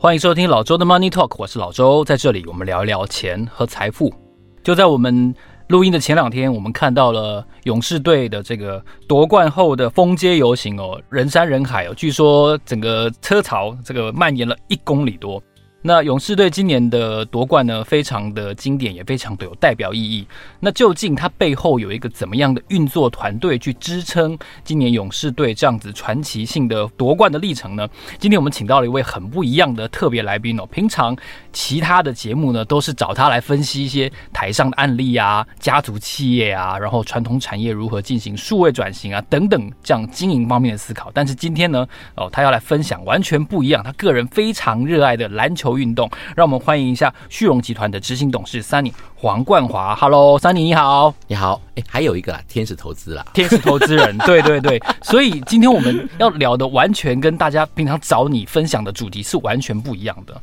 歡迎收聽老周的 Money Talk，我是老周，在這裡我們聊一聊錢和財富。就在我們錄音的前兩天，我們看到了勇士隊的這個奪冠後的封街遊行哦，人山人海哦，據說整個車潮這個蔓延了一公里多。那勇士隊今年的奪冠呢，非常的經典，也非常的有代表意義。那究竟它背後有一個怎麼樣的運作團隊去支撐今年勇士隊這樣子傳奇性的奪冠的歷程呢？今天我們請到了一位很不一樣的特別來賓哦。平常其他的節目呢，都是找他來分析一些台上的案例啊，家族企業啊，然後傳統產業如何進行數位轉型啊等等這樣經營方面的思考。但是今天呢，哦，他要來分享完全不一樣，他個人非常熱愛的籃球。運動，讓我們歡迎一下旭榮集團的執行董事 Sunny 黃冠華。Hello，Sunny 你好，你好，哎、欸，還有一個啦，天使投資啦，天使投資人， 對對對，所以今天我們要聊的完全跟大家平常找你分享的主題是完全不一樣的。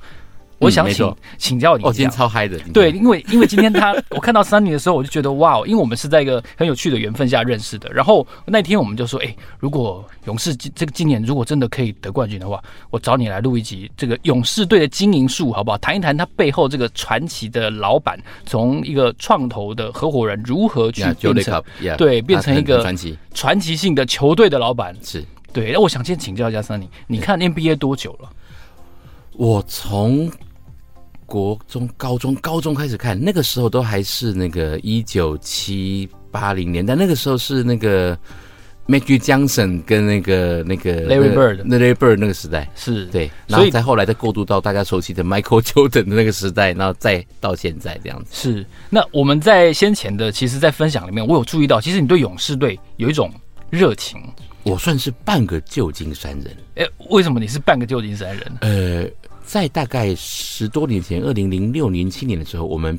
我想請、嗯、請教你一下。哦，今天超嗨的。對，因為因為今天他， 我看到 Sunny 的時候，我就覺得哇，因為我們是在一個很有趣的緣分下認識的。然後那天我們就說，哎、欸，如果勇士今這個今年如果真的可以得冠軍的話，我找你來錄一集這個勇士隊的經營術，好不好？談一談他背後這個傳奇的老板，從一個創投的合夥人如何去變成 yeah, Joe 對，變成一個傳奇傳、yeah, 奇，奇性的球隊的老板。是對。那我想先請教一下 Sunny，你看 NBA 多久了？我從。國中、高中、高中開始看，那個時候都還是那個一九七八零年代，但那個時候是那個 Magic Johnson 跟那個那個 Larry Bird，Larry Bird 那個時代是，對，然後再後來再過渡到大家熟悉的 Michael Jordan 的那個時代，然後再到現在這樣子。是，那我們在先前的，其實在分享裡面，我有注意到，其實你對勇士隊有一種熱情，我算是半個舊金山人。哎、欸，為什麼你是半個舊金山人？呃。在大概十多年前，二零零六年、七年的時候，我們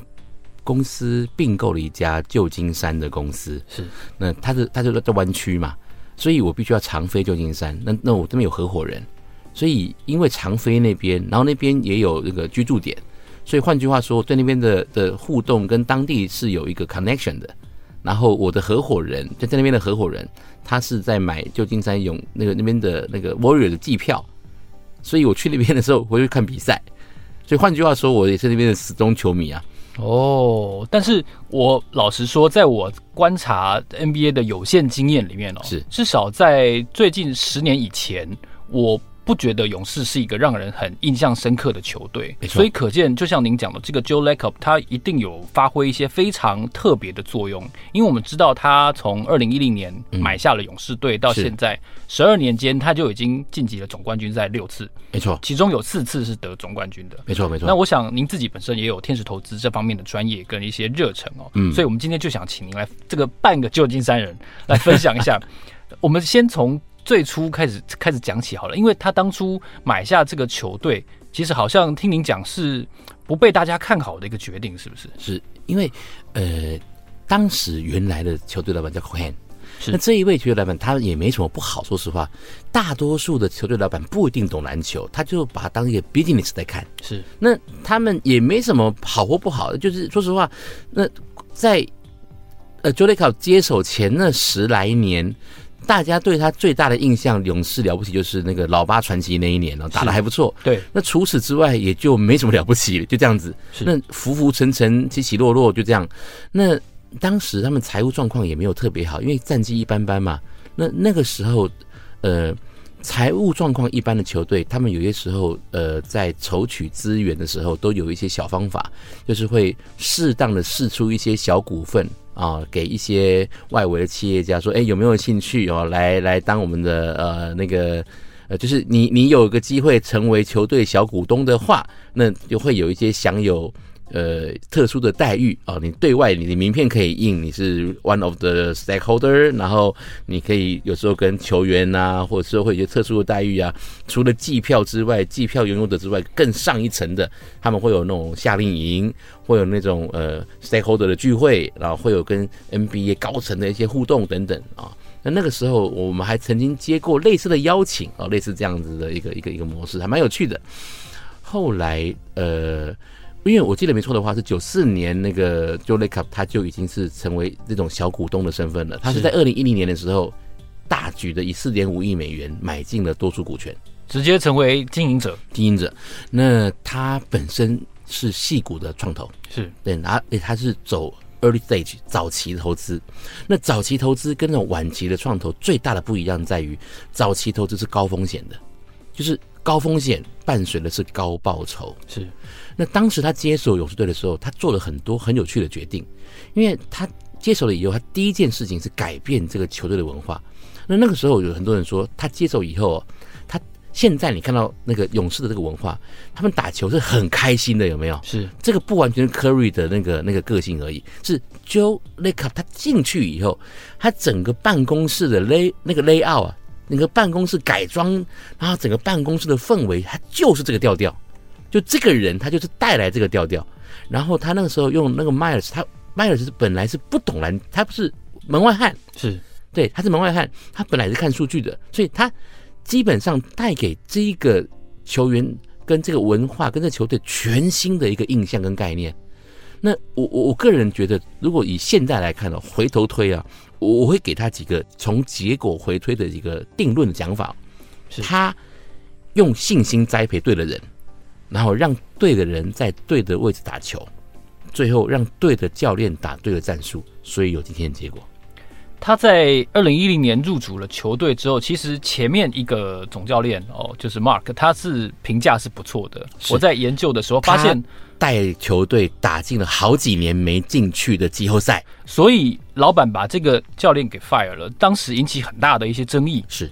公司併購了一家舊金山的公司。是，那它是它就是在灣區嘛，所以我必須要常飛舊金山。那那我這邊有合夥人，所以因為常飛那邊，然後那邊也有那個居住點，所以換句話說，在那邊的的互動跟當地是有一個 connection 的。然後我的合夥人在在那邊的合夥人，他是在買舊金山永那個那邊的那個 Warrior 的季票。所以，我去那邊的時候，我就看比賽。所以，換句話說，我也是那邊的死忠球迷啊。哦，但是我老實說，在我觀察 NBA 的有限經驗裡面哦，是至少在最近十年以前，我不覺得勇士是一個讓人很印象深刻的球隊，錯所以可見，就像您講的，這個 Joe Lacob 他一定有發揮一些非常特別的作用，因為我們知道他從二零一零年買下了勇士隊、嗯、到現在十二是年間，他就已經晉級了總冠軍賽六次，沒錯錯，其中有四次是得總冠軍的，沒錯沒錯。那我想您自己本身也有天使投資這方面的專業跟一些熱忱哦，嗯，所以我們今天就想請您來這個半個舊金山人來分享一下， 我們先從。最初開始開始講起好了，因為他當初買下這個球隊，其實好像聽您講是不被大家看好的一個決定，是不是？是，因為呃，當時原來的球隊老闆叫 Cohen。是。那這一位球隊老闆他也沒什麼不好，說實話，大多數的球隊老闆不一定懂籃球，他就把它當一個 business 在看，是。那他們也沒什麼好或不好的，就是說實話，那在呃 Joe Lacob 接手前那十來年。大家對他最大的印象，勇士了不起就是那個老八傳奇那一年哦、喔，打得還不錯。對，那除此之外也就沒什麼了不起了，就這樣子。是，那浮浮沉沉，起起落落，就這樣。那當時他們財務狀況也沒有特別好，因為戰績一般般嘛。那那個時候，呃，財務狀況一般的球隊，他們有些時候呃，在籌取資源的時候，都有一些小方法，就是會適當的釋出一些小股份。啊、哦，給一些外圍的企業家說，哎、欸，有沒有興趣哦，來來當我們的呃那個呃，就是你你有個機會成為球隊小股東的話，那就會有一些享有，呃，特殊的待遇啊、哦，你對外你的名片可以印你是 one of the stakeholder，然後你可以有時候跟球員啊，或者說會有些特殊的待遇啊。除了季票之外，季票擁有者之外，更上一層的，他們會有那種夏令營，會有那種呃 stakeholder 的聚會，然後會有跟 NBA 高層的一些互動等等啊、哦。那那個時候我們還曾經接過類似的邀請啊、哦，類似這樣子的一個一個一個模式，還蠻有趣的。後來呃。因為我記得沒錯的話，是九四年那個 Joe Lacob 他就已經是成為那種小股東的身份了。他是在二零一零年的時候，大舉的以四點五億美元買進了多數股權，直接成為經營者。經營者，那他本身是矽谷的創投，是對，然他，他是走 early stage 早期投資。那早期投資跟那種晚期的創投最大的不一樣在於，早期投資是高風險的，就是。高風險伴隨的是高報酬，是。那當時他接手勇士隊的時候，他做了很多很有趣的決定，因為他接手了以後，他第一件事情是改變這個球隊的文化。那那個時候有很多人說，他接手以後，他現在你看到那個勇士的這個文化，他們打球是很開心的，有沒有？是這個不完全是 Curry 的那個那個個性而已，是 Joe Lacob 他進去以後，他整個辦公室的 lay 那個 layout 啊。整個辦公室改裝，然後整個辦公室的氛圍，它就是這個調調。就這個人，他就是帶來這個調調。然後他那個時候用那個邁爾斯，他邁爾斯本來是不懂籃，他不是門外漢，是對，他是門外漢，他本來是看數據的，所以他基本上帶給這一個球員跟這個文化跟這個球隊全新的一個印象跟概念。那我我我個人覺得，如果以現在來看呢、哦，回頭推啊。我我會給他幾個從結果回推的一個定論的講法，是他用信心栽培對的人，然後讓對的人在對的位置打球，最後讓對的教練打對的戰術，所以有今天的結果。他在二零一零年入主了球隊之後，其實前面一個總教練哦，就是 Mark，他是評價是不錯的。是我在研究的時候發現，他帶球隊打進了好幾年沒進去的季後賽，所以老板把這個教練給 fire 了，當時引起很大的一些爭議。是，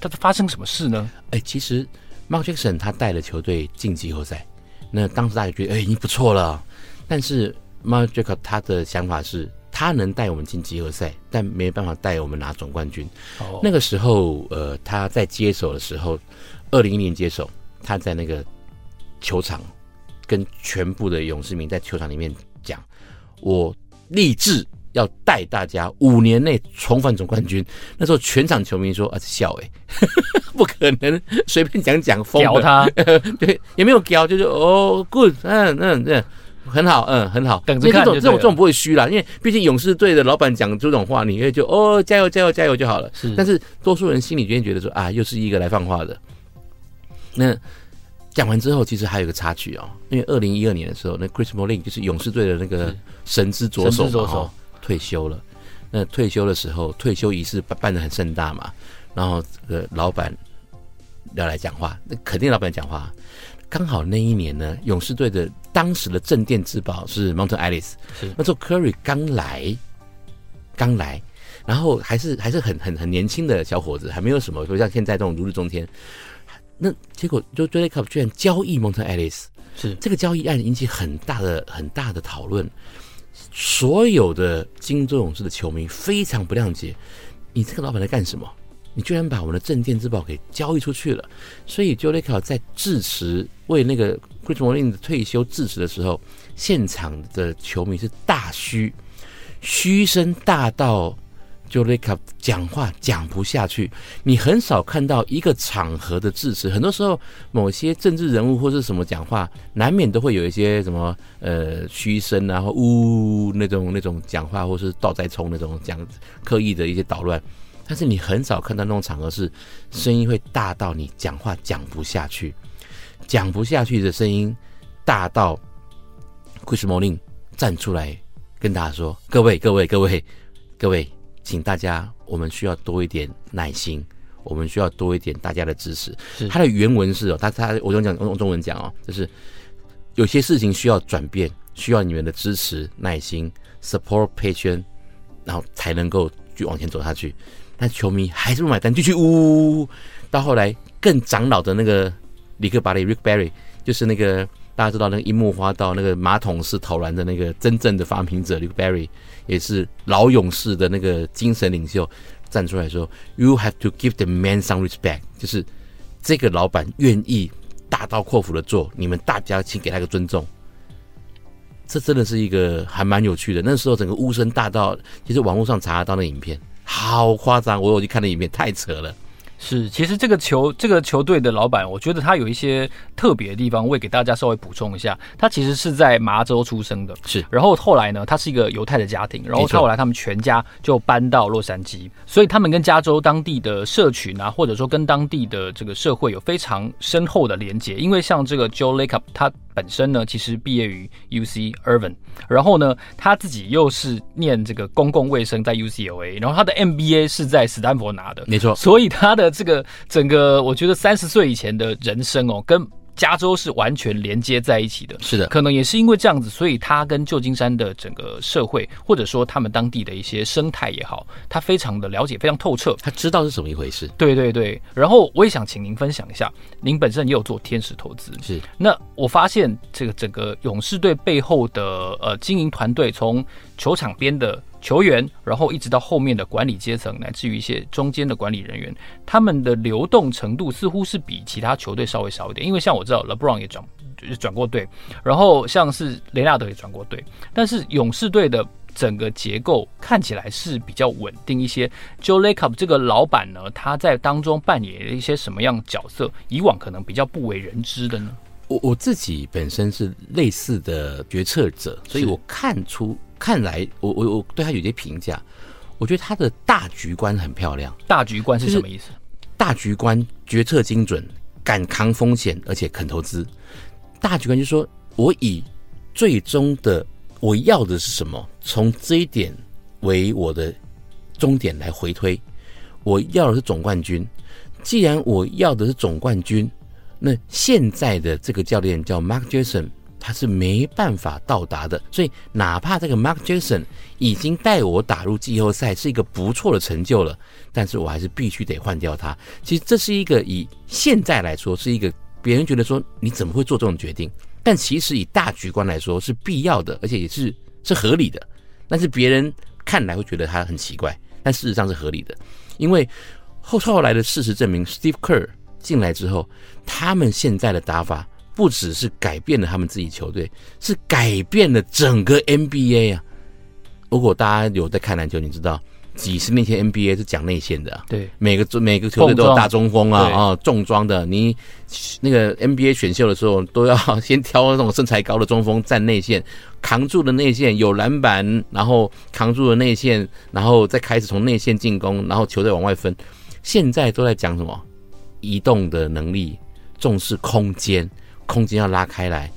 他是發生什麼事呢？哎，其實 Mark Jackson 他帶了球隊進季後賽，那當時大家覺得哎已經不錯了，但是 Mark Jackson 他的想法是。他能帶我們進季後賽，但沒辦法帶我們拿總冠軍。Oh. 那個時候，呃，他在接手的時候，二零一零年接手，他在那個球場跟全部的勇士們在球場裡面講：“我立志要帶大家五年內重返總冠軍。”那時候全場球迷說：“啊，笑哎、欸， 不可能，隨便講講，瘋了。他呃”對，也沒有教，就是哦、oh,，good，嗯嗯嗯。很好，嗯，很好。等着看這種對這種這種不會虛了，因為畢竟勇士隊的老闆講這種話，你也就哦，加油加油加油就好了。是但是多數人心裡邊覺得說啊，又是一個來放話的。那講完之後，其實還有一個插曲哦，因為二零一二年的時候，那 Chris Mullin 就是勇士隊的那個神之左手啊手、哦，退休了。那退休的時候，退休儀式辦辦的很盛大嘛，然後這個老闆要來講話，那肯定老闆講話。剛好那一年呢，勇士隊的當時的鎮店之寶是 Monta Ellis, 是 那時候 Curry 剛來，剛來，然後還是還是很很很年輕的小伙子，還沒有什麼，說像現在這種如日中天。那結果就 Joe Lacob 居然交易 Monta Ellis 是 這個交易案引起很大的很大的討論，所有的金州勇士的球迷非常不諒解，你這個老板在幹什麼？你居然把我們的鎮店之寶給交易出去了，所以 Joe Lacob 在致辭為那個 Chris Mullin 的退休致辭的時候，現場的球迷是大噓，噓聲大到 Joe Lacob 講話講不下去。你很少看到一個場合的致辭，很多時候某些政治人物或是什麼講話，難免都會有一些什麼呃噓聲啊，嗚、呃、那種那種講話，或是倒栽蔥那種講，刻意的一些搗亂。但是你很少看到那種場合是聲音會大到你講話講不下去，講不下去的聲音大到 Chris Mullin 站出來跟大家說：各位各位各位各位，請大家我們需要多一點耐心，我們需要多一點大家的支持。是他的原文是哦，他他我用講用中文講哦，就是有些事情需要轉變，需要你們的支持、耐心、support patience，然後才能夠去往前走下去。那球迷還是不買單，就去嗚。嗚、哦、嗚到後來，更長老的那個里克·巴里 （Rick Barry），就是那個大家知道那個櫻木花道、那個馬桶式投籃的那個真正的發明者，Rick Barry 也是老勇士的那個精神領袖，站出來說：“You have to give the man some respect。”就是這個老闆願意大刀闊斧的做，你們大家請給他一個尊重。這真的是一個還蠻有趣的。那時候整個呼聲大到，其實網絡上查得到那影片。好誇張！我有去看那影片，太扯了。是，其實這個球這個球隊的老板，我覺得他有一些特別的地方，我也給大家稍微補充一下。他其實是在麻州出生的，是。然後後來呢，他是一個猶太的家庭，然後他後來他們全家就搬到洛杉磯，錯所以他們跟加州當地的社群啊，或者說跟當地的這個社會有非常深厚的連結。因為像這個 Joe l a c o 他。本身呢，其實畢業於 UC Irvine，然後呢，他自己又是念這個公共衛生在 UCLA，然後他的 MBA 是在斯坦福拿的，沒錯。所以他的這個整個，我覺得三十歲以前的人生哦，跟。加州是完全連接在一起的，是的，可能也是因為這樣子，所以他跟舊金山的整個社會，或者說他們當地的一些生態也好，他非常的了解，非常透徹，他知道是怎麼一回事。對對對，然後我也想請您分享一下，您本身也有做天使投資，是。那我發現這個整個勇士隊背後的呃經營團隊，從球場邊的。球員，然後一直到後面的管理階層，乃至於一些中間的管理人員，他們的流動程度似乎是比其他球隊稍微少一點。因為像我知道，LeBron 也轉也轉過隊，然後像是雷納德也轉過隊，但是勇士隊的整個結構看起來是比較穩定一些。Joe Lacob 這個老板呢，他在當中扮演一些什麼樣角色？以往可能比較不為人知的呢？我我自己本身是類似的決策者，所以我看出。看來我我我對他有些評價，我覺得他的大局觀很漂亮。大局觀是什麼意思？大局觀決策精準，敢扛風險，而且肯投資。大局觀就是說，我以最終的我要的是什麼，從這一點為我的終點來回推。我要的是總冠軍。既然我要的是總冠軍，那現在的這個教練叫 Mark Jackson。他是沒辦法到達的，所以哪怕這個 Mark Jackson 已經帶我打入季後賽，是一個不錯的成就了，但是我還是必須得換掉他。其實這是一個以現在來說是一個別人覺得說你怎麼會做這種決定，但其實以大局觀來說是必要的，而且也是是合理的。但是別人看來會覺得他很奇怪，但事實上是合理的，因為後後來的事實證明，Steve Kerr 進來之後，他們現在的打法。不只是改變了他們自己球隊，是改變了整個 NBA 啊！如果大家有在看籃球，你知道，幾十年前 NBA 是講內線的，對，每個每個球隊都有大中鋒啊啊對重裝的。你那個 NBA 選秀的時候，都要先挑那種身材高的中鋒站內線，扛住了內線有籃板，然後扛住了內線，然後再開始從內線進攻，然後球隊往外分。現在都在講什麼移動的能力，重視空間。空間要拉開來，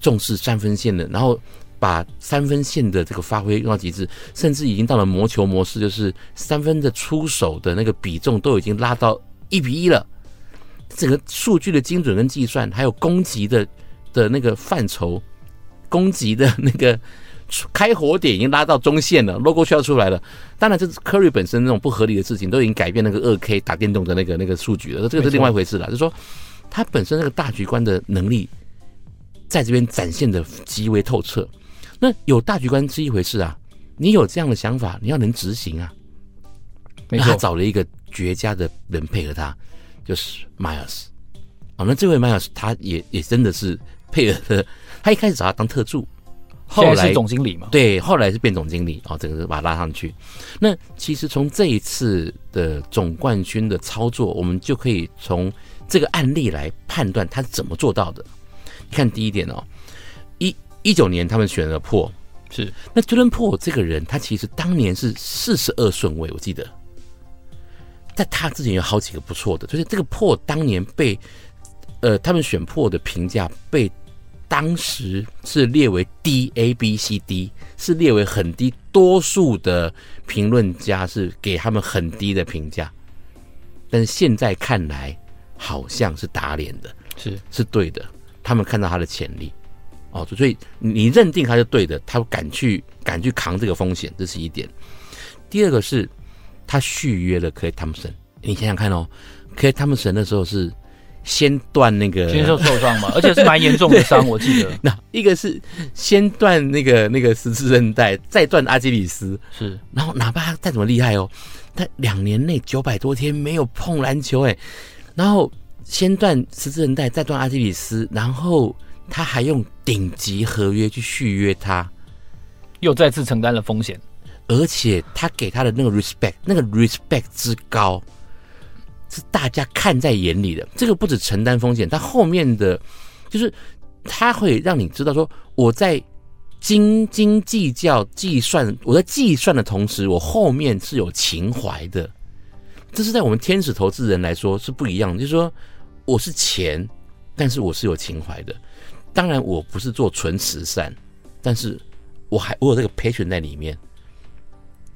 重視三分線的，然後把三分線的這個發揮用到極致，甚至已經到了魔球模式，就是三分的出手的那個比重都已經拉到一比一了。整個數據的精準跟計算，還有攻擊的的那個範疇，攻擊的那個開火點已經拉到中線了，logo 需要出來了。當然，這是 Curry 本身那種不合理的事情，都已經改變那個二 k 打電動的那個那個數據了，這個是另外一回事了，就是說。他本身那個大局觀的能力，在這邊展現的極為透徹。那有大局觀是一回事啊，你有這樣的想法，你要能執行啊。沒錯。然後他找了一個絕佳的人配合他，就是邁爾斯。哦，那這位邁爾斯，他也也真的是配合的。他一開始找他當特助，後來是總經理嘛？對，後來是變總經理，哦，整個把他拉上去。那其實從這一次的總冠軍的操作，我們就可以從。這個案例來判斷他是怎麼做到的。你看第一點哦，一一九年他們選了破，是那 Jordan 破這個人，他其實當年是四十二順位，我記得，在他之前有好幾個不錯的，就是這個破當年被，呃，他們選破的評價被當時是列為 D A B C D，是列為很低，多數的評論家是給他們很低的評價，但是現在看來。好像是打臉的，是是對的。他們看到他的潛力，哦，所以你認定他是對的，他敢去敢去扛這個風險，這是一點。第二個是，他續約了克雷湯普森，你想想看哦，克雷湯普森那時候是先斷那個，先受受傷嘛，而且是蠻嚴重的傷。 我記得，那一個是先斷那個那個十字韌帶，再斷阿基里斯，是。然後哪怕他再怎麼厲害哦，他兩年內九百多天沒有碰籃球，欸，哎。然後先斷十字韌帶，再斷阿基里斯，然後他還用頂級合約去續約他，又再次承擔了風險，而且他給他的那個 respect，那個 respect 之高，是大家看在眼裡的。這個不止承擔風險，他後面的就是他會讓你知道，說我在斤斤計較計算，我在計算的同時，我後面是有情懷的。這是在我們天使投資人來說是不一樣的，就是說我是錢，但是我是有情懷的。當然我不是做純慈善，但是我還我有這個 passion 在裡面。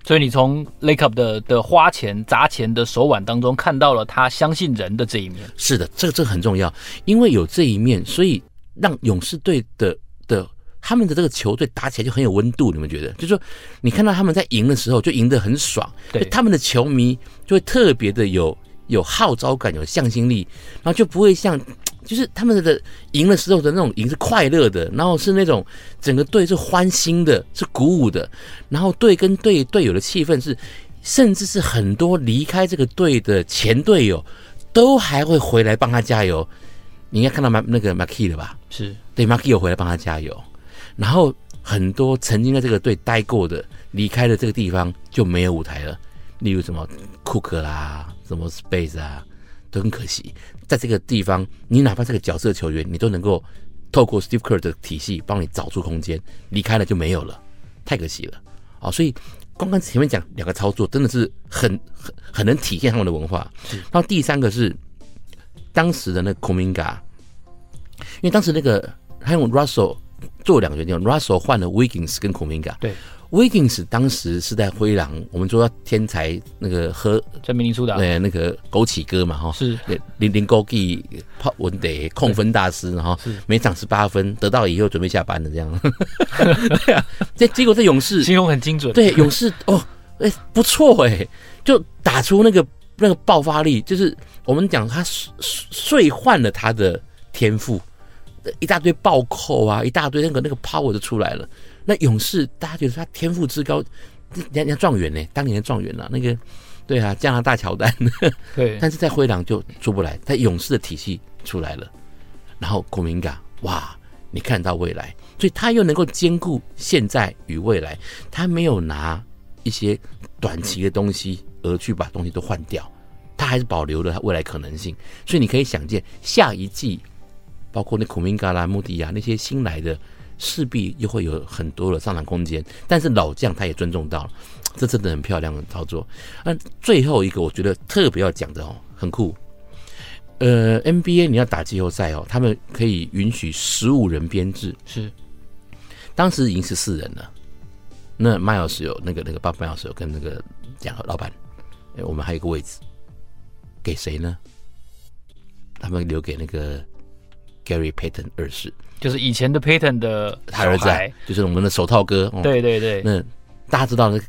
所以你從 Lacob 的的花錢砸錢的手腕當中看到了他相信人的這一面。是的，這個這個很重要，因為有這一面，所以讓勇士隊的的。他們的這個球隊打起來就很有溫度，你們覺得？就是說，你看到他們在贏的時候，就贏得很爽，對他們的球迷就會特別的有有號召感、有向心力，然後就不會像，就是他們的贏的時候的那種贏是快樂的，然後是那種整個隊是歡欣的、是鼓舞的，然後隊跟隊隊友的氣氛是，甚至是很多離開這個隊的前隊友都還會回來幫他加油。你應該看到馬那個麥基了吧？是，對麥基有回來幫他加油。然後很多曾經在這個隊待過的，離開了這個地方就沒有舞台了。例如什麼庫克啦，什麼 space 啊，都很可惜。在這個地方，你哪怕是個角色球員，你都能夠透過 Steve Kerr 的體系幫你找出空間。離開了就沒有了，太可惜了。啊、哦，所以剛剛前面講兩個操作，真的是很很很能體現他們的文化。是然後第三個是當時的那個 Kuminga，因為當時那個他用 Russell。做兩個決定，Russell 對換了 Wiggins 跟孔明伽。對，Wiggins 當時是在灰狼，我們說天才那個和在明尼蘇達，對，那個枸杞哥嘛，哈是，是零零枸杞泡文，我得控分大師，哈，是每場十八分，得到以後準備下班的這樣。對啊，這結果這勇士形容很精準，對，勇士哦，哎、欸、不錯哎、欸，就打出那個那個爆發力，就是我們講他睡睡換了他的天賦。一大堆暴扣啊，一大堆那個那個 power 就出來了。那勇士大家覺得他天賦之高，人家狀元呢，當年的狀元啊，那個，對啊，加拿大喬丹。呵呵對。但是在灰狼就出不來，在勇士的體系出來了。然後庫明加，哇，你看到未來，所以他又能夠兼顧現在與未來，他沒有拿一些短期的東西而去把東西都換掉，他還是保留了他未來可能性。所以你可以想見下一季。包括那庫明加啦、穆迪亞那些新來的，勢必又會有很多的上漲空間。但是老將他也尊重到了，這真的很漂亮的操作。那、啊、最後一個，我覺得特別要講的哦，很酷。呃，NBA 你要打季後賽哦，他們可以允許十五人編制，是當時已經是十四人了。那邁爾斯有那個那個巴布邁爾斯有跟那個講，老闆，我們還有一個位置給誰呢？他們留給那個。Gary Payton 二世，就是以前的 Payton 的他兒子，就是我們的手套哥。嗯、對對對，那大家知道呢，那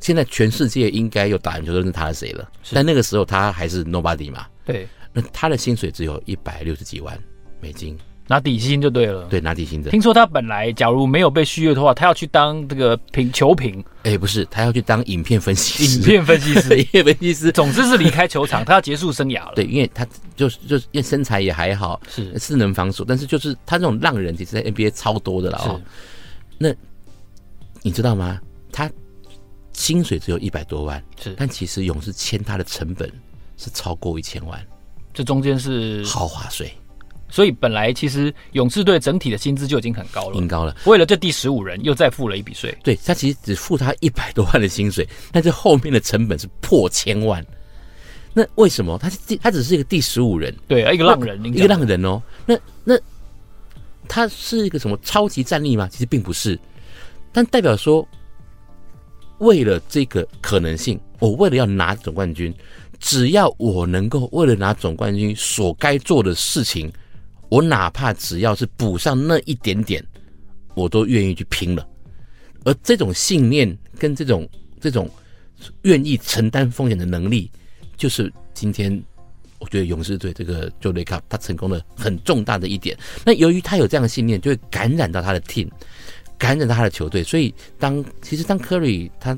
現在全世界應該有打籃球的人認識他是誰了。是但那個時候他還是 Nobody 嘛，對，那他的薪水只有一百六十幾萬美金。拿底薪就對了。對，拿底薪的。聽說他本來，假如沒有被續約的話，他要去當這個評球評。哎、欸，不是，他要去當影片分析師。影片分析師，影片 分析師。總之是離開球場， 他要結束生涯了。對，因為他就是就是因為身材也還好，是是能防守，但是就是他這種浪人其實，在 NBA 超多的啦是哦，那你知道嗎？他薪水只有一百多萬，是，但其實勇士簽他的成本是超過一千萬。這中間是豪華稅。所以本來其實勇士隊整體的薪資就已經很高了，很高了。為了這第十五人又再付了一筆稅，對，他其實只付他一百多萬的薪水，但是後面的成本是破千萬。那為什麼他是第，他只是一個第十五人？對，一個浪人，浪，一個浪人哦。那那他是一個什麼超級戰力嗎？其實並不是，但代表說，為了這個可能性，我為了要拿總冠軍，只要我能夠為了拿總冠軍所該做的事情。我哪怕只要是補上那一點點，我都願意去拼了。而這種信念跟這種這種願意承擔風險的能力，就是今天我覺得勇士隊這個 Joe Lacob 他成功的很重大的一點。那由於他有這樣的信念，就會感染到他的 team，感染到他的球隊。所以當其實當 Curry 他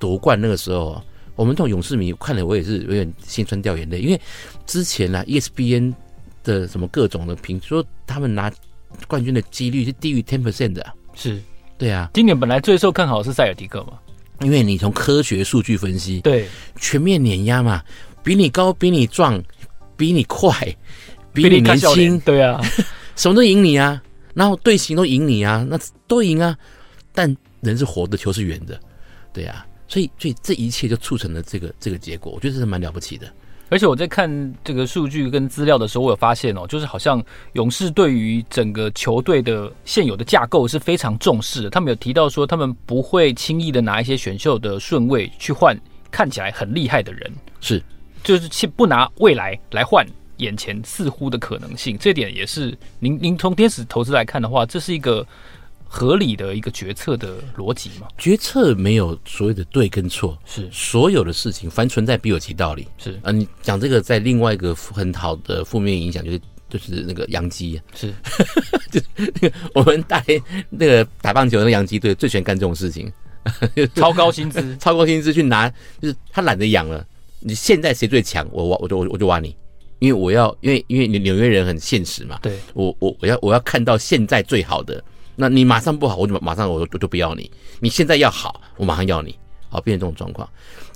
奪冠那個時候，我們這種勇士迷看了，我也是有點心酸掉眼淚，因為之前呢、啊、ESPN。ES 的什麼各種的評說，他們拿冠軍的幾率是低於 ten percent 的，啊、是，對啊。今年本來最受看好的是塞爾迪克嘛，因為你從科學數據分析，對，全面碾壓嘛，比你高，比你壯，比你快，比你年輕，對啊， 什麼都贏你啊，然後隊形都贏你啊，那都贏啊，但人是活的，球是圓的，對啊。所以，所以這一切就促成了這個這個結果，我覺得這是蠻了不起的。而且我在看這個數據跟資料的時候，我有發現哦，就是好像勇士對於整個球隊的現有的架構是非常重視的。他們有提到說，他們不會輕易的拿一些選秀的順位去換看起來很厲害的人，是，就是不拿未來來換眼前似乎的可能性。這點也是您您從天使投資來看的話，這是一個。合理的一個決策的邏輯嘛？決策沒有所謂的對跟錯，是所有的事情凡存在必有其道理。是啊，你講這個在另外一個很好的負面影響就是就是那個洋基，是，哈哈哈，就是那個我們帶那個打棒球的洋基隊，最喜歡幹這種事情， 超高薪資， 超高薪資去拿，就是他懶得養了。你現在誰最強？我挖我就我就我就挖你，因為我要因為因為紐紐約人很現實嘛，對，我我我要我要看到現在最好的。那你馬上不好，我就馬上我就就不要你。你現在要好，我馬上要你，好，變成這種狀況。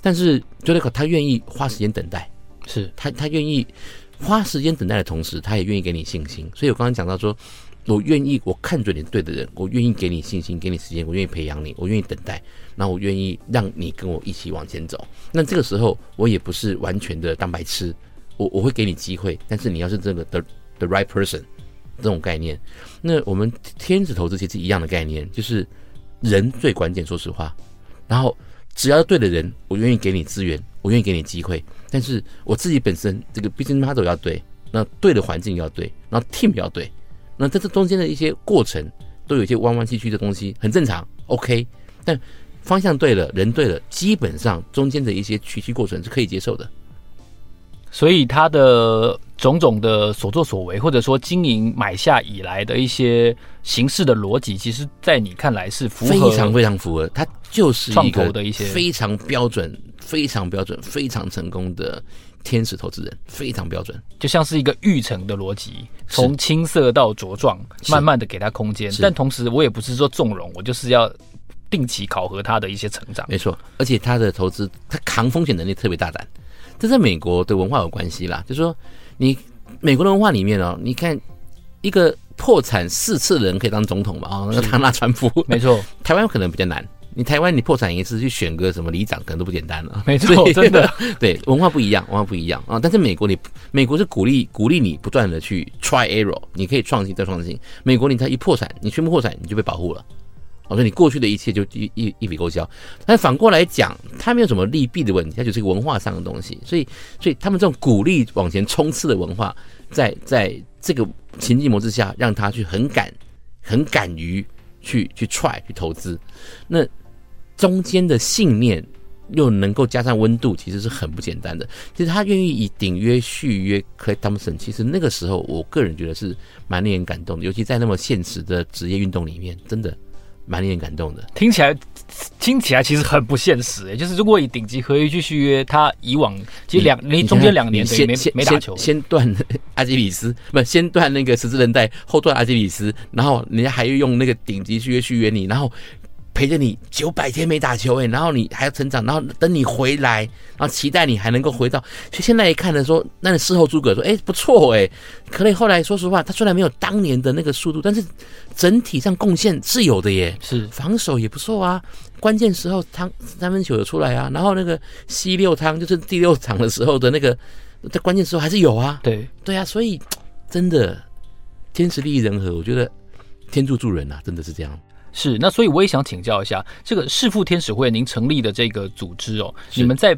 但是就那個他願意花時間等待，是他他願意花時間等待的同時，他也願意給你信心。所以我剛剛講到說，我願意，我看着你對的人，我願意給你信心，給你時間，我願意培養你，我願意等待，那我願意讓你跟我一起往前走。那這個時候，我也不是完全的當白痴，我我會給你機會，但是你要是這個 the the right person。這種概念，那我們天使投資其實一樣的概念，就是人最關鍵。說實話，然後只要對的人，我願意給你資源，我願意給你機會。但是我自己本身這個，business model 要對，那對的環境要對，然後 team 要對，那在這中間的一些過程，都有一些彎彎曲曲的東西，很正常。OK，但方向對了，人對了，基本上中間的一些曲曲過程是可以接受的。所以他的。種種的所作所為，或者說經營買下以來的一些形式的邏輯，其實在你看來是符合的，非常非常符合。他就是一個非常標準、非常標準、非常成功的天使投資人，非常標準，就像是一個育成的邏輯，從青澀到茁壯，是慢慢的給他空間。但同時，我也不是說縱容，我就是要定期考核他的一些成長。沒錯，而且他的投資，他扛風險能力特別大膽，這在美國的文化有關係啦，就是說，你美國的文化裡面哦，你看一個破產四次的人可以當總統嘛？啊，那個唐納川普，是 沒錯。台灣可能比較難，你台灣你破產一次，去選個什麼里長可能都不簡單了，哦。沒錯，所以 真的， 對，文化不一樣，文化不一樣啊，哦。但是美國你，美國是鼓勵鼓勵你不斷的去 try error，你可以創新再創新。美國你才一破產，你全部破產你就被保護了。我說、哦、你過去的一切就一一一筆勾銷，但反過來講，他沒有什麼利弊的問題，他就是一個文化上的東西。所以，所以他們這種鼓勵往前衝刺的文化，在在這個情景模式下，讓他去很敢、很敢於去去 try 去投資。那中間的信念又能夠加上溫度，其實是很不簡單的。其實他願意以頂約續約克萊·湯普森。其實那個時候，我個人覺得是蠻令人感動的，尤其在那麼現實的職業運動裡面，真的。蠻令人感動的，聽起來，聽起來其實很不現實。誒，就是如果以頂級合約去續約，他以往其實兩你，你，你中間兩年對沒先先沒打球先，先斷阿基里斯，不，先斷那個十字韌帶，後斷阿基里斯，然後人家還用那個頂級續約續約你，然後。陪着你九百天沒打球哎，然後你還要成長，然後等你回來，然後期待你還能夠回到。所以現在一看的說，那你事後諸葛說，哎不錯哎，克雷後來說實話，他雖然沒有當年的那個速度，但是整體上貢獻是有的耶。是防守也不錯啊，關鍵時候湯三分球也出來啊，然後那個西六湯就是第六場的時候的那個，在關鍵時候還是有啊。對對啊，所以真的天時地利人和，我覺得天助助人啊，真的是這樣。是，那所以我也想請教一下，這個識富天使會您成立的這個組織哦，是你們在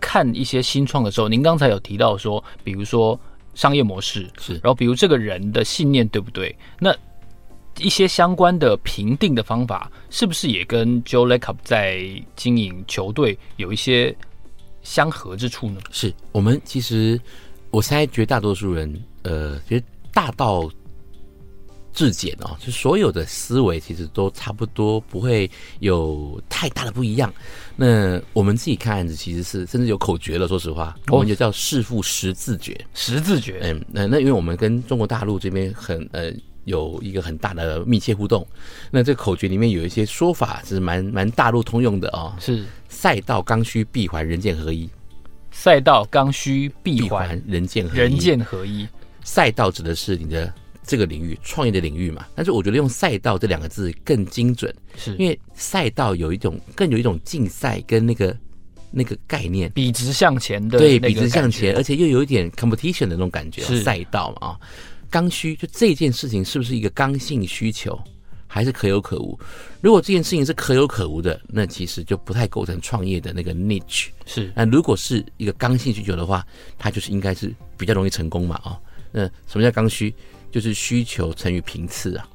看一些新創的時候，您剛才有提到說，比如說商業模式，是，然後比如這個人的信念對不對？那一些相關的評定的方法，是不是也跟 Joe Lacob 在經營球隊有一些相合之處呢？是我們其實，我猜絕大多數人，呃，其實大到。質檢哦，就所有的思維其實都差不多，不會有太大的不一樣。那我們自己看案子，其實是甚至有口訣了。說實話，oh. 我們就叫“四父十字訣”。十字訣，嗯，那那因為我們跟中國大陸這邊很呃有一個很大的密切互動，那這個口訣裡面有一些說法是蠻蠻大陸通用的啊、哦。是賽道剛需閉環人劍合一。賽道剛需閉環人劍合一。賽道指的是你的。這個領域，創業的領域嘛，但是我覺得用賽道這兩個字更精準，是因為賽道有一種更有一種競賽跟那個那個概念，筆直向前的，對，筆直向前，而且又有一點 competition 的那種感覺。是賽道嘛啊、哦，剛需就這件事情是不是一個剛性需求，還是可有可無？如果這件事情是可有可無的，那其實就不太構成創業的那個 niche 是。是那如果是一個剛性需求的話，它就是應該是比較容易成功嘛啊、哦？那什麼叫剛需？就是需求乘以頻次啊，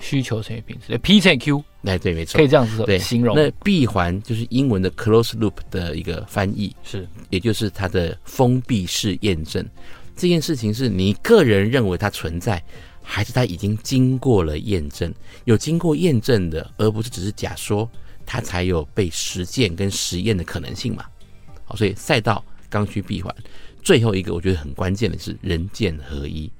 需求乘以頻次，P 乘以 Q。哎，對，沒錯，可以這樣子形容對。那閉環就是英文的 close loop 的一個翻譯，是，也就是它的封閉式驗證。這件事情是你個人認為它存在，還是它已經經過了驗證？有經過驗證的，而不是只是假說，它才有被實踐跟實驗的可能性嘛？好，所以賽道、剛需、閉環，最後一個我覺得很關鍵的是人劍合一。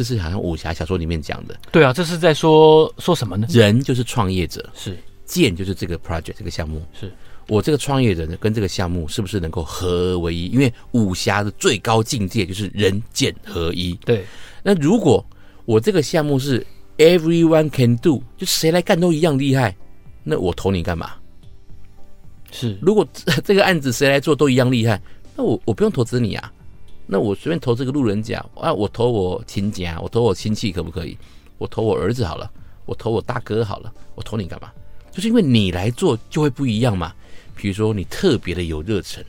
這是好像武俠小說裡面講的，對啊，這是在說說什麼呢？人就是創業者，是劍就是這個 project 這個項目，是我這個創業人跟這個項目是不是能夠合二為一？因為武俠的最高境界就是人劍合一。對，那如果我這個項目是 everyone can do，就誰來幹都一樣厲害，那我投你幹嘛？是，如果這個案子誰來做都一樣厲害，那我我不用投資你啊。那我隨便投這個路人甲啊，我投我親家，我投我親戚可不可以？我投我兒子好了，我投我大哥好了，我投你幹嘛？就是因為你來做就會不一樣嘛。比如說你特別的有熱忱，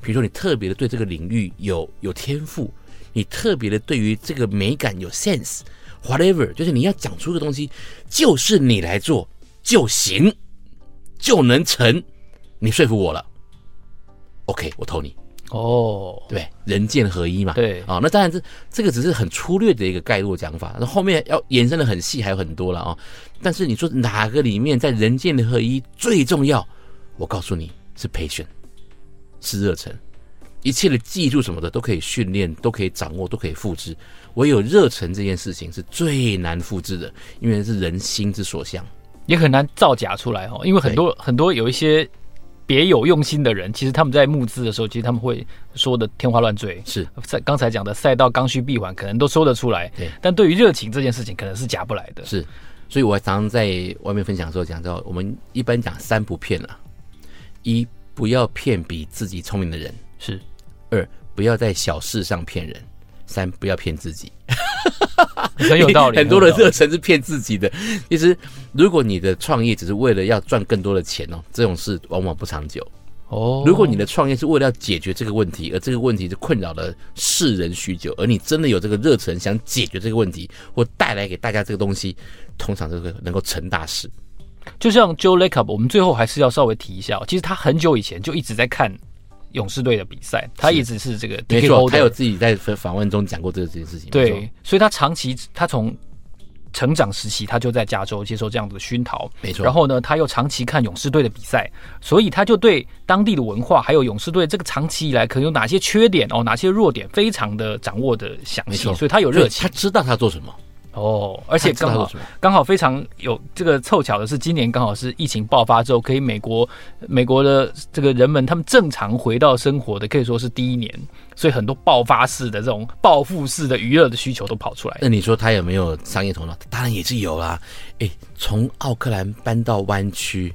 比如說你特別的對這個領域有有天賦，你特別的對於這個美感有 sense，whatever，就是你要講出的東西，就是你來做就行，就能成。你說服我了，OK，我投你。哦，oh, 對，人劍合一嘛，對，啊、哦，那當然是這，這個只是很粗略的一個概略講法，那後面要延伸得很細，還有很多了啊、哦。但是你說哪個裡面在人劍的合一最重要？我告訴你是培訓，是熱忱，一切的技術什麼的都可以訓練，都可以掌握，都可以複製。唯有熱忱這件事情是最難複製的，因為是人心之所向，也很難造假出來哦。因為很多對很多有一些。別有用心的人，其實他們在募資的時候，其實他們會說的天花亂墜，是。在剛才講的賽道剛需閉環，可能都說得出來。對。但對於熱情這件事情，可能是假不來的。是。所以我常常在外面分享的時候，講到我們一般講三不騙啊：一不要騙比自己聰明的人；是。二不要在小事上騙人。三不要騙自己， 很有道理。 很多的熱忱是騙自己的。其實，如果你的創業只是為了要賺更多的錢哦，這種事往往不長久。哦、oh，如果你的創業是為了要解決這個問題，而這個問題是困擾了世人許久，而你真的有這個熱忱想解決這個問題，或帶來給大家這個東西，通常這個能夠成大事。就像 Joe Lacob，我們最後還是要稍微提一下，其實他很久以前就一直在看。勇士隊的比賽，他一直是這個 holder, 沒錯，他有自己在訪問中講過這個這件事情。對，錯所以他長期他從成長時期，他就在加州接受這樣子的熏陶，沒錯錯。然後呢，他又長期看勇士隊的比賽，所以他就對當地的文化，還有勇士隊這個長期以來可能有哪些缺點哦，哪些弱點，非常的掌握的詳細，錯所以他有熱情，他知道他做什麼。哦，而且剛好剛好非常有這個湊巧的是，今年剛好是疫情爆發之後，可以美國美國的這個人們他們正常回到生活的可以說是第一年，所以很多爆發式的這種報復式的娛樂的需求都跑出來。那你說他有沒有商業頭腦？當然也是有啦、啊。欸，從奧克蘭搬到灣區。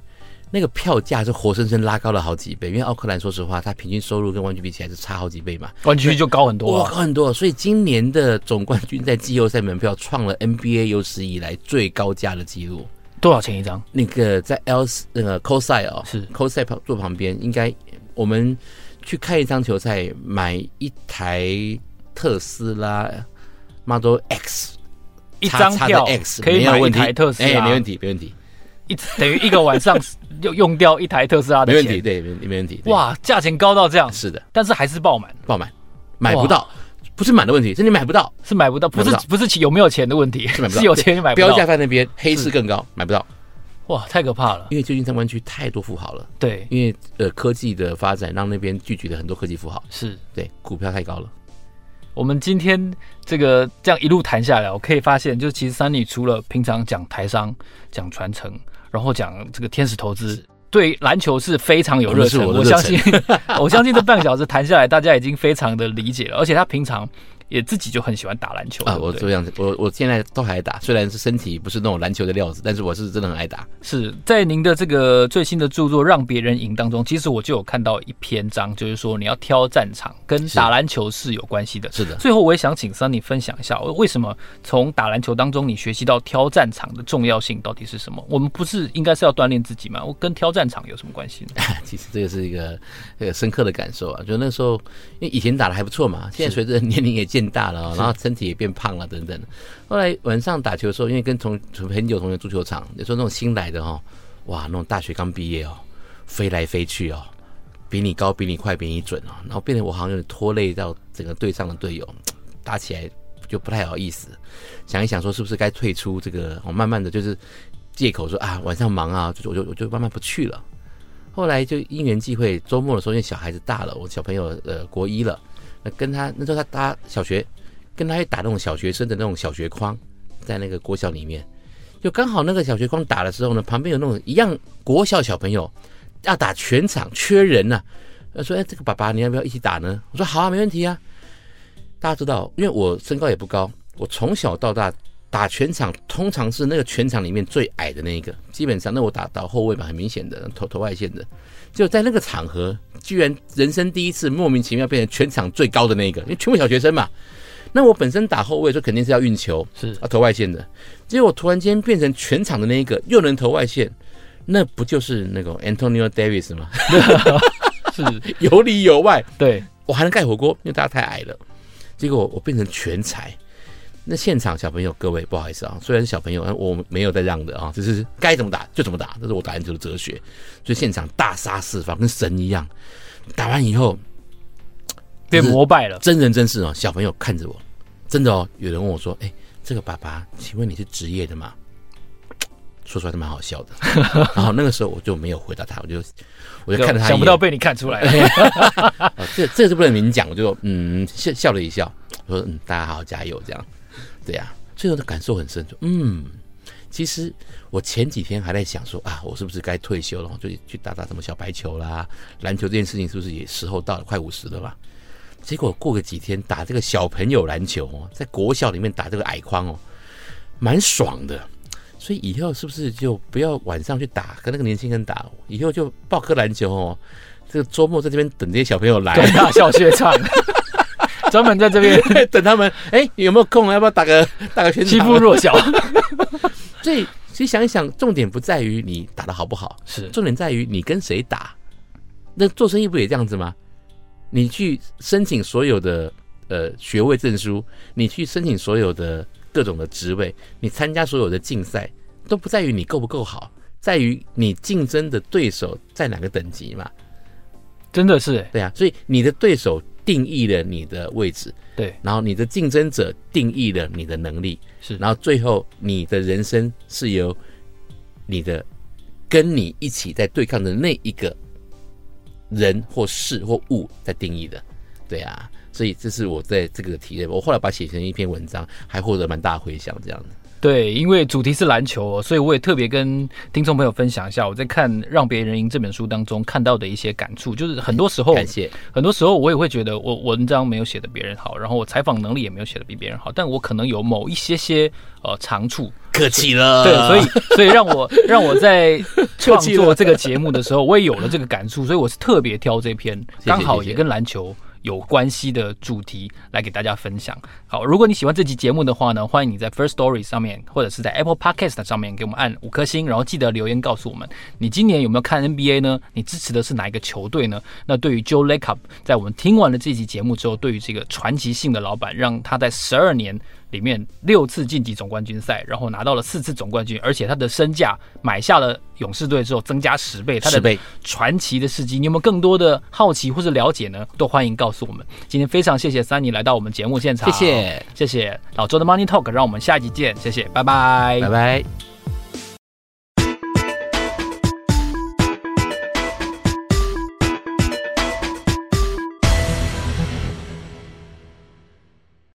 那個票價就活生生拉高了好幾倍，因為奧克蘭說實話，它平均收入跟灣區比起來是差好幾倍嘛，灣區就高很多哇，高很多。所以今年的總冠軍在季後賽門票創了 NBA 有史以來最高價的記錄，多少錢一張？那個在 L 那個扣賽哦，是扣賽旁坐旁邊，應該我們去看一張球賽，買一台特斯拉 Model X，一張票叉叉 X 可以買一台特斯拉沒、哎，沒問題，沒問題。一，等於一個晚上就用掉一台特斯拉的錢，沒問題，對，沒沒問題。哇，價錢高到這樣。是的，但是還是爆滿，爆滿，買不到，不是滿的問題，是你買不到，是買不到，不是不是有沒有錢的問題，是有錢就買不到，標價在那邊，黑市更高，買不到。哇，太可怕了。因為最近三灣區太多富豪了，對，因為呃科技的發展讓那邊聚集了很多科技富豪，是對，股票太高了。我們今天這個這樣一路談下來，我可以發現，就是其實 Sunny 除了平常講台商、講傳承。然後講這個天使投資，對籃球是非常有熱忱，我相信，我相信這半個小時談下來，大家已經非常的理解了，而且他平常。也自己就很喜歡打籃球啊！對不對？我這樣子，我我現在都還打，雖然是身體不是那種籃球的料子，但是我是真的很愛打。是在您的這個最新的著作《讓別人贏》當中，其實我就有看到一篇章，就是說你要挑戰場，跟打籃球是有關係的是。是的。最後，我也想請桑尼分享一下，為什麼從打籃球當中你學習到挑戰場的重要性到底是什麼？我們不是應該是要鍛鍊自己嗎？我跟挑戰場有什麼關係呢？啊，其實這個是一個呃深刻的感受啊！就那時候，因為以前打的還不錯嘛，是現在隨着年齡也。變大了，然後身體也變胖了等等。後來晚上打球的時候，因為跟同很久同學足球場，有時候那種，新來的哦，哇，那種大學剛畢業哦，飛來飛去哦，比你高，比你快，比你準哦，然後變成我好像有點拖累到整個隊上的隊友，打起來就不太好意思。想一想說，是不是該退出這個？我慢慢的就是借口說啊，晚上忙啊，就我就我就慢慢不去了。後來就因緣際會，周末的時候因為小孩子大了，我小朋友呃國一了。跟他那時候他打小學，跟他去打那種小學生的那種小學框，在那個國小裡面，就剛好那個小學框打的時候呢，旁邊有那種一樣國小小朋友要打全場缺人吶、啊。他說哎、欸、這個爸爸你要不要一起打呢？我說好啊，沒問題啊。大家知道，因為我身高也不高，我從小到大打全場通常是那個全場裡面最矮的那一個，基本上那我打到後衛嘛，很明顯的頭頭外線的，就在那個場合。居然人生第一次莫名其妙變成全場最高的那一個，因為全部小學生嘛。那我本身打後衛，說肯定是要運球，是要投外線的。結果我突然間變成全場的那一個，又能投外線，那不就是那個 Antonio Davis 嗎？ 是，有裡有外。對，我還能蓋火鍋，因為大家太矮了。結果我變成全才。那現場小朋友各位不好意思啊、喔，雖然是小朋友，我沒有在讓的啊、喔，就是該怎麼打就怎麼打，這是我打籃球的哲學。所以現場大殺四方，跟神一樣。打完以後，被膜拜了。真人真事哦、喔，小朋友看着我，真的哦、喔。有人問我說：“哎、欸，這個爸爸，請問你是職業的嗎？”說出來都蠻好笑的。 然後那個時候我就沒有回答他，我就我就看着他，想不到被你看出來了。 喔、這個、這是、個、不能明講，我就嗯笑笑了一笑，我說、嗯、大家好，好，加油這樣。對呀、啊，最後的感受很深，說嗯，其實我前幾天還在想說啊，我是不是該退休了？就去打打什麼小白球啦、籃球這件事情，是不是也時候到了？快五十了吧？結果過個幾天打這個小朋友籃球哦，在國校裡面打這個矮框哦，蠻爽的。所以以後是不是就不要晚上去打，跟那個年輕人打？以後就報顆籃球哦，這個週末在這邊等這些小朋友來大、啊、笑血戰。專門在這邊 等他們，哎、欸，有沒有空？要不要打個打個拳？欺負弱小、啊， 所以其實想一想，重點不在於你打得好不好，是重點在於你跟誰打。那做生意不也這樣子嗎？你去申請所有的呃學位證書，你去申請所有的各種的職位，你參加所有的競賽，都不在於你夠不夠好，在於你競爭的對手在哪個等級嘛？真的是、欸，對啊，所以你的對手，定義了你的位置，對，然後你的競爭者定義了你的能力，是，然後最後你的人生是由你的跟你一起在對抗的那一個人或事或物在定義的，對啊，所以這是我在這個體驗，我後來把它寫成一篇文章，還獲得蠻大回響，這樣的。對，因為主題是籃球，所以我也特別跟聽眾朋友分享一下我在看《讓別人贏》這本書當中看到的一些感觸。就是很多時候，感謝很多時候我也會覺得我文章沒有寫得別人好，然後我採訪能力也沒有寫得比別人好，但我可能有某一些些呃長處。客氣了。對，所以所以讓我讓我在創作這個節目的時候，我也有了這個感觸，所以我是特別挑這篇，剛好也跟籃球。謝謝謝謝有關係的主題來給大家分享。好，如果你喜歡這期節目的話呢，歡迎你在 Firstory 上面，或者是在 Apple Podcast 上面給我們按五顆星，然後記得留言告訴我們你今年有沒有看 NBA 呢？你支持的是哪一個球隊呢？那對於 Joe Lacob，在我們聽完了這期節目之後，對於這個傳奇性的老板，讓他在十二年。裡面六次晉級總冠軍賽，然後拿到了四次總冠軍，而且他的身價買下了勇士隊之後增加十倍，他的傳奇的事蹟，你有沒有更多的好奇或是了解呢？都歡迎告訴我們。今天非常謝謝 Sunny 來到我們節目現場，謝謝謝謝老周的 Money Talk，讓我們下一集見，謝謝，拜拜，拜拜。